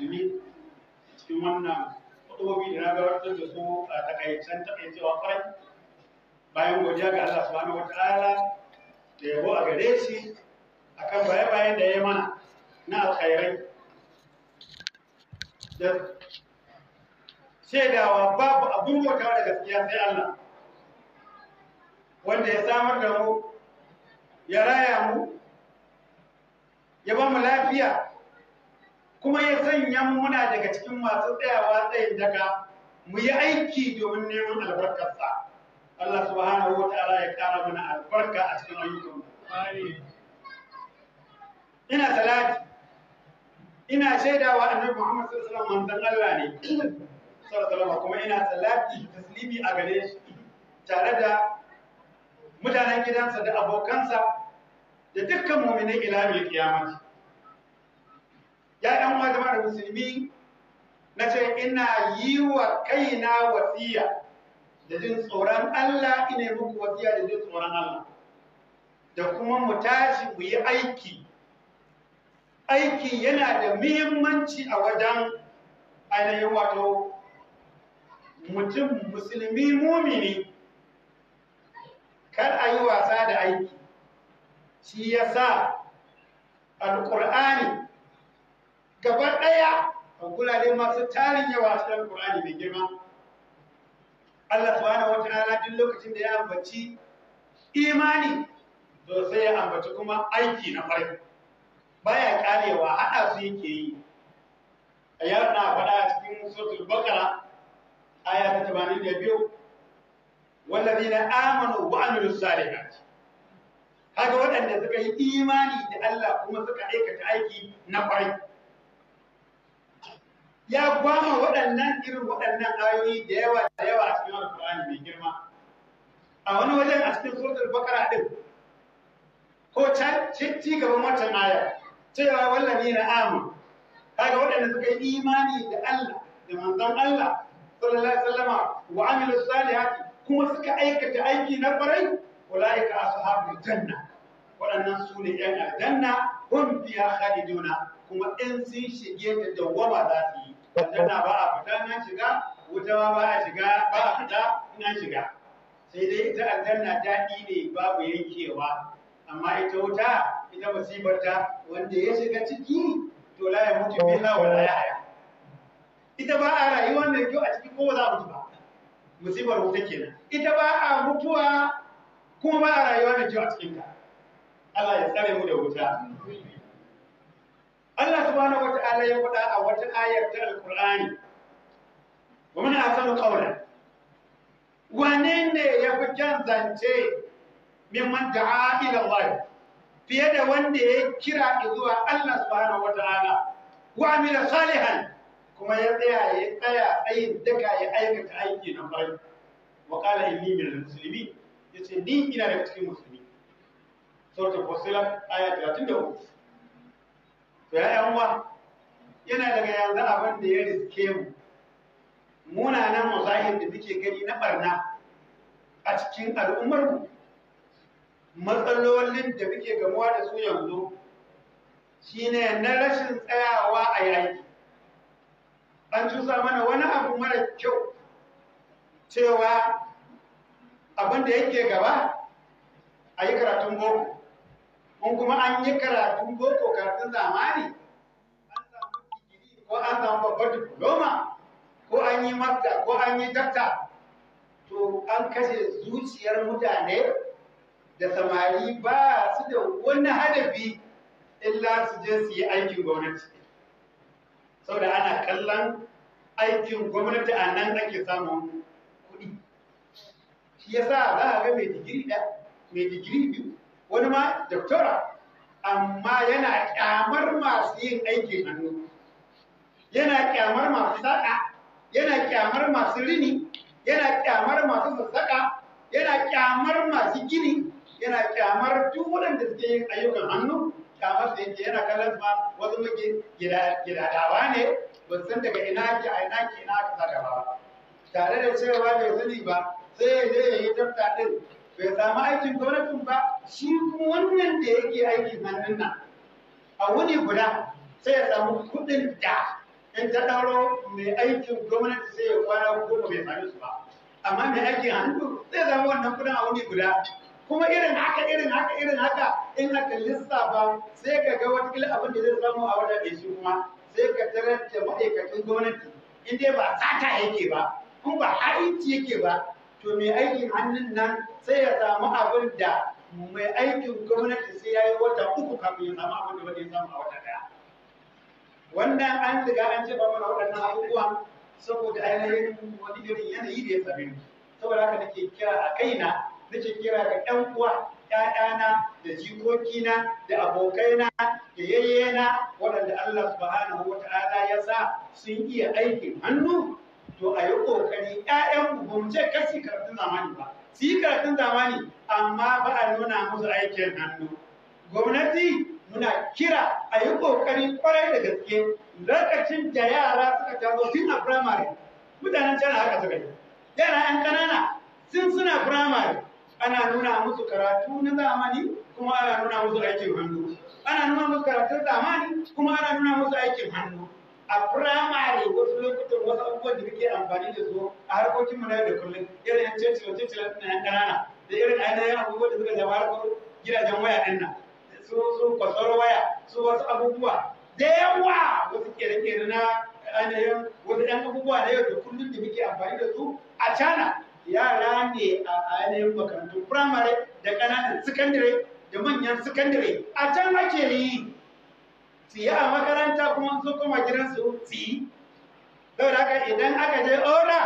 musulmi cikin wannan hutubobi da na gabatar da su a takaicen takaicewa kwarai bayan godiya ga Allah subhanahu wa ta'ala da yabo a gare shi akan baya-bayan da ya mana na alkhairai da shaidawa babu abin bautawa da gaskiya sai Allah wanda ya samar da mu ya raya mu ya ba mu lafiya kuma ya sanya muna daga cikin masu tsayawa tsayin daga mu yi aiki domin neman albarkarsa Allah subhanahu wa ta'ala ya kara mana albarka a cikin ayyukan ina salati ina shaidawa annabi Muhammad sallallahu alaihi wasallam manzon Allah ne sallallahu alaihi kuma ina salati taslimi a gare shi tare da mutanen gidansa da abokansa da dukkan mu'minin ila mai kiyamati ya ɗan uwa jama'ar musulmi na ce ina yi wa kaina wasiya da jin tsoron Allah ina muku wasiya da jin tsoron Allah da kuma mu tashi mu yi aiki aiki yana da muhimmanci a wajen ainihin wato mutum musulmi mumini kar a yi wasa da aiki shi yasa sa alƙur'ani gaban ɗaya a gurare masu tarin yawa a cikin Qur'ani mai girma Allah wata rana duk lokacin da ya ambaci imani to sai ya ambaci kuma aiki na farko baya karewa haɗa su yake yi A na faɗa a cikin suratul a aya ta da biyu. 82 wallazina amanu wa amilus salihati kaga waɗanda suka yi imani da Allah kuma suka aikata aiki na kwarai ya gwama waɗannan irin waɗannan ayoyi da yawa da yawa a cikin alƙur'ani mai girma a wani wajen a cikin suratul bakara din ko ci gaba wancan aya cewa wallahi na amu kaga waɗanda suka yi imani da Allah da manzon Allah sallallahu alaihi wasallama wa amilu salihati kuma suka aikata aiki na ƙwarai ulaika ashabul janna waɗannan su ne ‘yan aljanna, hun biya khaliduna kuma in sun shige da dawwama za su yi. aljanna ba a fita na shiga wuta ma ba a shiga ba a fita na shiga sai dai ita aljanna daɗi ne babu yankewa amma ita wuta ita musibarta wanda ya shiga ciki to la ya mutu biha wa la ya ita ba a rayuwa mai kyau a cikin kowa za mutu ba musibar wuta kenan ita ba a mutuwa kuma ba a rayuwa mai kyau a cikin ta Allah ya tsare mu da wuta Allah subhanahu wata'ala ya faɗa a wata ayar ta Al-Qur'ani. wa muna asanu qawla wane ne ya fi kyan zance man da'a ila Allah fiye da wanda ya kira zuwa Allah subhanahu wata'ala wa amila salihan kuma ya tsaya ya tsaya tsayin daga ya aikata aiki na farko. wa qala inni al muslimin yace ni ina da cikin musulmi suratul Fussilat aya 34. ya yan uwa yana daga yanzu abin da ya riske mu munanan mazahir da muke gani na barna a cikin al'ummar mu matsalolin da muke gamuwa da su yanzu shine na rashin tsayawa a yaki an cusa mana wani abu mara kyau cewa abin da yake gaba a yi karatun boko kuma an yi karatun boko karatun zamani an samu digiri ko an samu babbar diploma ko an yi masta ko an yi dakta to an kashe zuciyar mutane da samari ba su da wani hadafi illa su je su yi aikin gwamnati saboda ana kallon aikin gwamnati a nan ake samun kuɗi shi yasa za a ga mai digiri biyu wani ma doktora amma yana kyamar masu yin aikin hannu yana kyamar masu saƙa yana kyamar masu rini yana kyamar masu sassaƙa yana kyamar masu gini yana kyamar duk waɗanda suke yin ayyukan hannu kyamar da yake yana kallon ma wasu muke gidadawa ne ban san daga ina ke a ina ke ina ka saka ba tare da cewa bai sani ba sai ya je ya yi tafta din bai samu aikin gwamnatin ba shi kuma wannan da yake aikin hannun nan a wuni guda sai ya samu kuɗin da in ta ɗauro mai aikin gwamnati sai ya kwana ba bai same su ba amma mai aikin hannu zai samu wannan kuɗin a wuni guda kuma irin haka irin haka irin haka in aka lissafa sai ka ga kila abin da zai samu a wadda da shi kuma sai ka tarar da ma'aikatan gwamnati in dai ba sata yake ba kuma ba ha'inci yake ba to mai aikin hannun nan sai ya samu abin da mai aikin gwamnati sai ya yi wata uku kafin ya samu abin da wani samu a wata daya wannan an riga an ce ba mana waɗannan abubuwa saboda ainihin wani irin yanayi da ya same mu saboda haka nake kira a kaina nake kira ga ɗan uwa ƴaƴana da jikokina da abokaina da yayyena waɗanda Allah subhanahu ta’ala ya sa sun iya aikin hannu to a yi ƙoƙari ‘ya'yanku ba mu ce kasi karatun zamani ba su yi karatun zamani amma ba a nuna musu aikin hannu gwamnati muna kira a yi ƙoƙari ƙwarai da gaske lokacin da yara suka taso tun a firamare mutanen can haka suka yi yara 'yan ƙanana sun suna firamare ana nuna musu karatu na zamani kuma ana nuna musu aikin hannu ana nuna musu karatun zamani kuma ana nuna musu aikin hannu a firamare wasu lokutan wasu abubuwan da muke amfani da su a harkokin mu na yau da kullum irin yan cece wace cece na yan kanana da irin ainihin abubuwan da suka zama harkokin gidajen waya ɗin nan su su kwasar waya su wasu abubuwa da yawa wasu kere-kere na ainihin wasu ɗan abubuwa na yau da kullum da muke amfani da su a cana yara ne a ainihin makarantun firamare da ƙananan sakandare da manyan sakandare a can ake yi su a makaranta kuma zo kuma gidansu su yi saboda haka idan aka je oda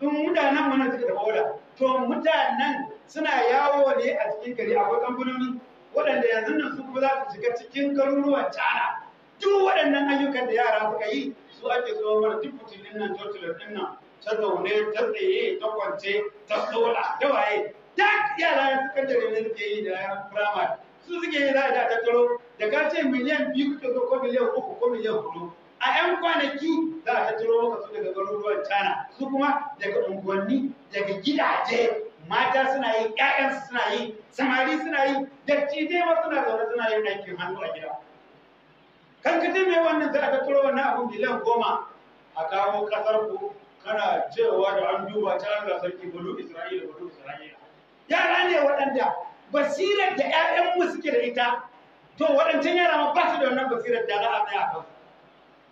in mutanen mana suka tafi oda to mutanen suna yawo ne a cikin gari akwai kamfanoni waɗanda yanzu nan su kuma za su shiga cikin garuruwan cana duk waɗannan ayyukan da yara suka yi su ake so mana duk mutumin nan jotular ɗin nan ta zaune ta tsaye ta kwance ta tsola ta waye duk yara suka da ne suke yi da yaran firamare su suke yi za a da tattaro da ka ce miliyan biyu kuke zo ko miliyan uku ko miliyan hudu a 'yan kwanaki za a tattaro maka su daga garuruwan China su kuma daga unguwanni daga gidaje mata suna yi ƴaƴansu suna yi samari suna yi dattijai ma suna zaune suna yin aikin hannu a gida kan ka mai wannan za a tattaro wannan abu miliyan goma a kawo kasar ku kana cewa da an duba ta hanga sarki bulu isra'ila bulu isra'ila yara ne waɗanda basirar da 'ya'yanmu suke da ita to waɗancan yara ma ba su da wannan basirar da za a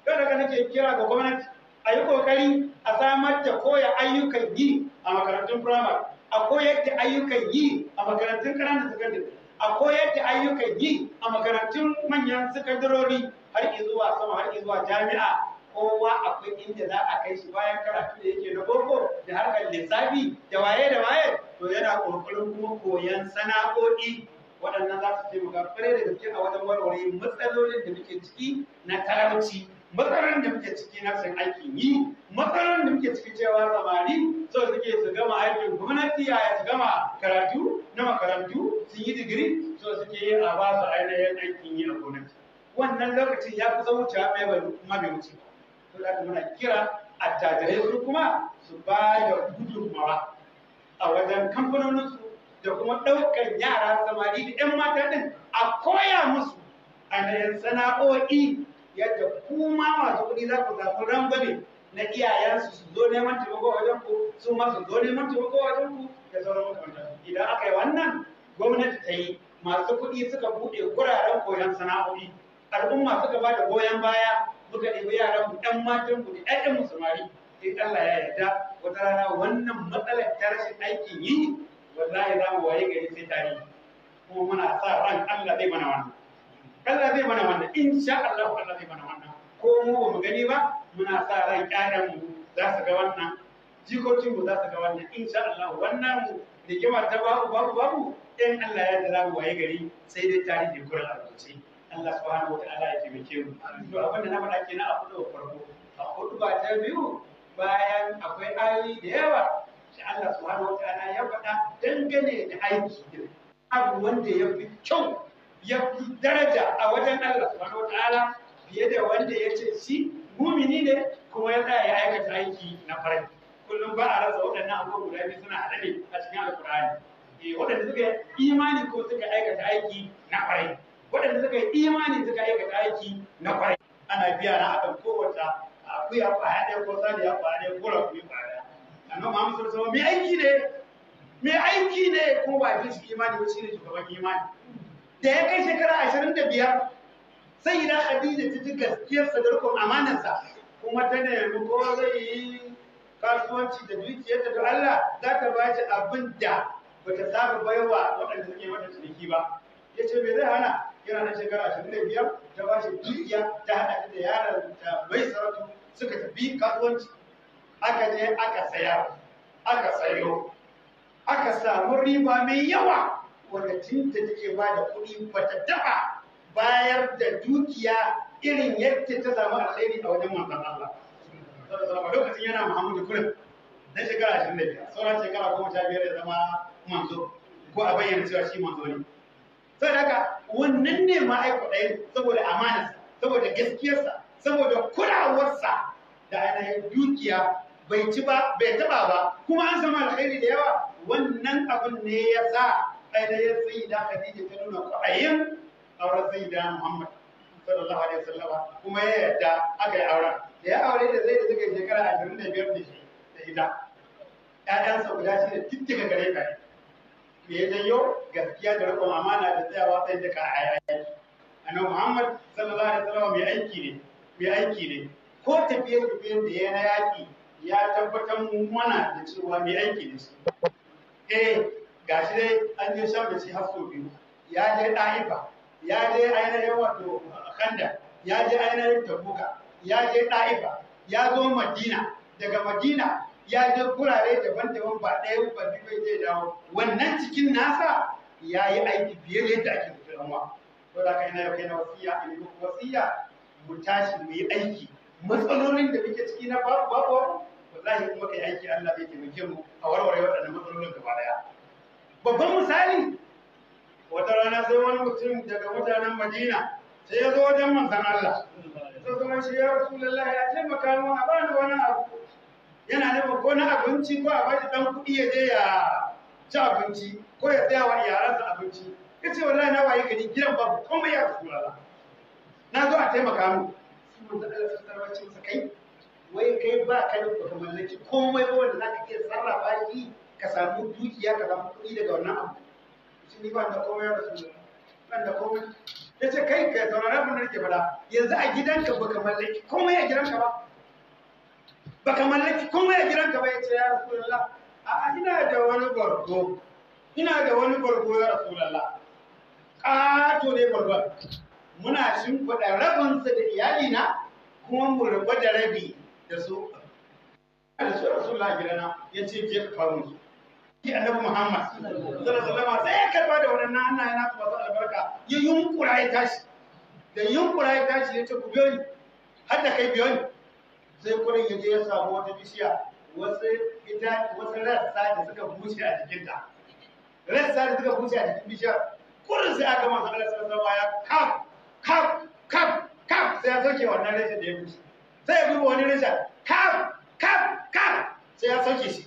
tsaya kan don nake kira ga gwamnati a yi ƙoƙari a samar da koya ayyukan yi a makarantun firamare a koyar da ayyukan yi a makarantun ƙananan sakandare a koyar da ayyukan yi a makarantun manyan sakandarori har zuwa sama har zuwa jami'a kowa akwai inda za a kai shi bayan karatu da yake na boko da harkar lissafi da waye da waye to yana ƙoƙarin kuma koyan sana'o'i waɗannan za su taimaka kwarai da gaske a wajen warware matsalolin da muke ciki na talauci Matsalolin da muke ciki na san aikin yi matsalolin da muke ciki cewa samari so suke su gama aikin gwamnati yaya su gama karatu na makarantu sun yi digiri so suke yi a ba su ainihin aikin yi a gwamnati wannan lokacin ya kusa wuce mai bari kuma bai wuce ba to da muna kira attajirai su kuma su ba da gudunmawa a wajen kamfanonin su da kuma ɗaukar yara samari da 'yan mata ɗin a koya musu a yan sana'o'i yadda kuma masu kuɗi za ku zafi rangwame na iyayensu su zo neman taimako wajen ku su ma su zo neman taimako wajen ku da sauran makamantansu idan aka yi wannan gwamnati ta yi masu kuɗi suka buɗe wuraren koyon sana'o'i al'umma suka ba da goyon baya muka ɗebi yaran mu ɗan matan mu da ƴaƴan mu samari sai Allah ya yarda wata rana wannan matsalar ta rashin aikin yi wallahi za mu waye gari sai tare ko muna sa ran Allah zai mana wannan Allah zai mana wannan insha Allah Allah zai mana wannan ko mu ba mu gani ba muna sa ran ƴaƴan mu za su ga wannan jikocin mu za su ga wannan insha Allah wannan mu rigima ta babu babu babu in Allah ya za mu waye gari sai dai tarihi kuran abuci Allah subhanahu ta'ala ya taimake mu to abin da na faɗa kenan a kudu farko a hudu ba ta biyu bayan akwai ayoyi da yawa da Allah subhanahu wataala ya faɗa dangane da aiki din abu wanda ya fi kyau ya fi daraja a wajen Allah subhanahu wataala fiye da wanda ya ce shi mumini ne kuma ya tsaya ya aikata aiki na farai kullum ba a rasa waɗannan abubuwa guda biyu suna haɗe ne a cikin alkur'ani eh waɗanda suka yi imani ko suka aikata aiki na farai waɗanda suka yi imani suka aikata aiki na farai ana biya na akan kowace akuya ba haɗe ko saniya ba haɗe ko rafi ba annabi Muhammad sallallahu alaihi wasallam mai aiki ne mai aiki ne kuma ba fi shi imani ba shine shugaban imani da ya kai shekara 25 sai ina Khadija ta ji gaskiyar sadarkon amanarsa kuma ta nemi ko zai yi kasuwanci da dukiyarta da Allah za ta ba shi abin da bata saba baiwa waɗanda suke mata ciniki ba ya ce me zai hana yana na shekara ashirin da biyar ta ba shi dukiya ta haɗa da yaran da mai sarautu suka tafi kasuwanci aka je aka saya aka sayo aka samu riba mai yawa wanda tinta take ba da kuɗi ba ta dafa bayar da dukiya irin yadda ta zama alheri a wajen manzon Allah lokacin yana Muhammadu kullum na shekara 25 da sauran shekara goma sha biyar ya zama manzo ko a bayyana cewa shi manzo ne sai haka wannan ne ma ai kuɗai saboda amanarsa saboda gaskiyarsa saboda kulawarsa da ainihin dukiya bai ci ba bai taba ba kuma an samu alkhairi da yawa wannan abin ne ya sa ainihin sayyida Khadija ta nuna kwaɗayin auren sayyida Muhammad sallallahu alaihi wasallam kuma ya yarda aka yi auren da ya aure da zai da suka shekara ashirin da biyar da shi da ita ƴaƴansa guda shi da tittika gare ka me ya janyo gaskiya da rikon amana da tsayawa tsayin da ka a yayi annabi Muhammad sallallahu alaihi wasallam mai aiki ne mai aiki ne ko tafiye tafiyen da ya na yaƙi ya tabbatar mu mana da cewa mai aiki da su eh ga shi dai an je shan da shi hafto biyu ya je daiba ya je ainihin wato kanda ya je ainihin tabuka ya je daiba ya zo madina daga madina ya je gurare daban-daban ba ɗaya ba biyu bai dawo wannan cikin nasa ya yi aiki fiye da yadda ake mutum wa ko da kai na yau kai na wasiya a yi wasiya mu tashi mu yi aiki matsalolin da muke ciki na babu babu wallahi kuma kai aiki Allah zai taimake mu a warware waɗannan matsalolin gaba daya babban misali wata rana sai wani mutum daga mutanen Madina sai ya zo wajen manzon Allah sai kuma shi ya Rasulullah ya taimaka mu a bani wani abu yana da ko na abinci ko a bashi dan kuɗi ya je ya ci abinci ko ya tsaya wa yaransa abinci kace ce wallahi na waye gani gidan babu komai ya Rasulullah na zo a taimaka mu sun manzon Allah sai tarwacin sa kai wai kai ba ka da ka mallaki komai ba wanda ka iya sarrafa shi ka samu dukiya ka samu kuɗi daga wannan abu shi ni ba da komai ya rasu ban da komai ya ce kai ka saurara abin da nake faɗa yanzu a gidanka ba ka mallaki komai a gidanka ba ba ka mallaki komai a gidanka ba ya ce ya rasu lalla a ina da wani gwargo ina da wani gwargo ya rasu lalla ƙato ne gwargon muna shimfiɗa rabinsa da iyalina kuma mu rabu da rabi da su da su rasulullah gidana ya ce je ka faru su ki annabi muhammad sallallahu alaihi wasallam sai ya karba da wannan Allah yana kuma sa albarka ya yunkura ya tashi da yunkura ya tashi ya ce ku biyo ni har da kai biyo ni sai kurin ya ya samu wata bishiya wasu ita wasu rassa da suka bushe a jikinta rassa da suka bushe a jikin bishiya. kurin sai aka masa rassa zama ya kaf kaf kaf kaf sai ya sauke wannan rashin da ya bushe zai duba wani rija kaf kaf kaf sai ya sauke shi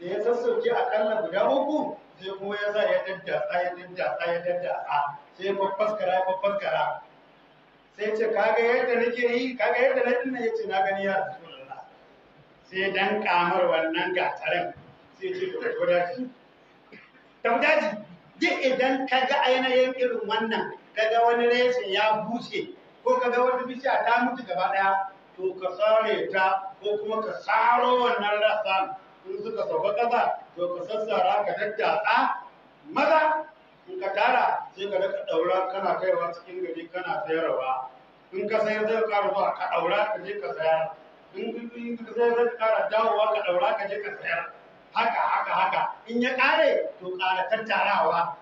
da ya sassauke akalla guda uku sai kuma ya sa ya daddatsa ya daddatsa ya a sai ya fafaskara ya fafaskara sai ce kaga yadda nake yi kaga yadda na ya ce na gani ya rasulullah sai dan kamar wannan gatarin sai ce to to daji to daji duk idan kaga ainihin irin wannan kaga wani reshin ya bushe ko ka ga wata bishiya ta mutu gaba ɗaya to ka sare ta ko kuma ka saro wannan rassan in suka sauka ƙasa to ka sassara ka tattasa. maza in ka tara sai ka daka ɗaura kana kaiwa cikin gari kana sayarwa in ka sayar zai ƙara zuwa ka ɗaura ka je ka sayar in ka sayar zai ƙara dawowa ka ɗaura ka je ka sayar haka haka haka in ya ƙare to ƙara tattarawa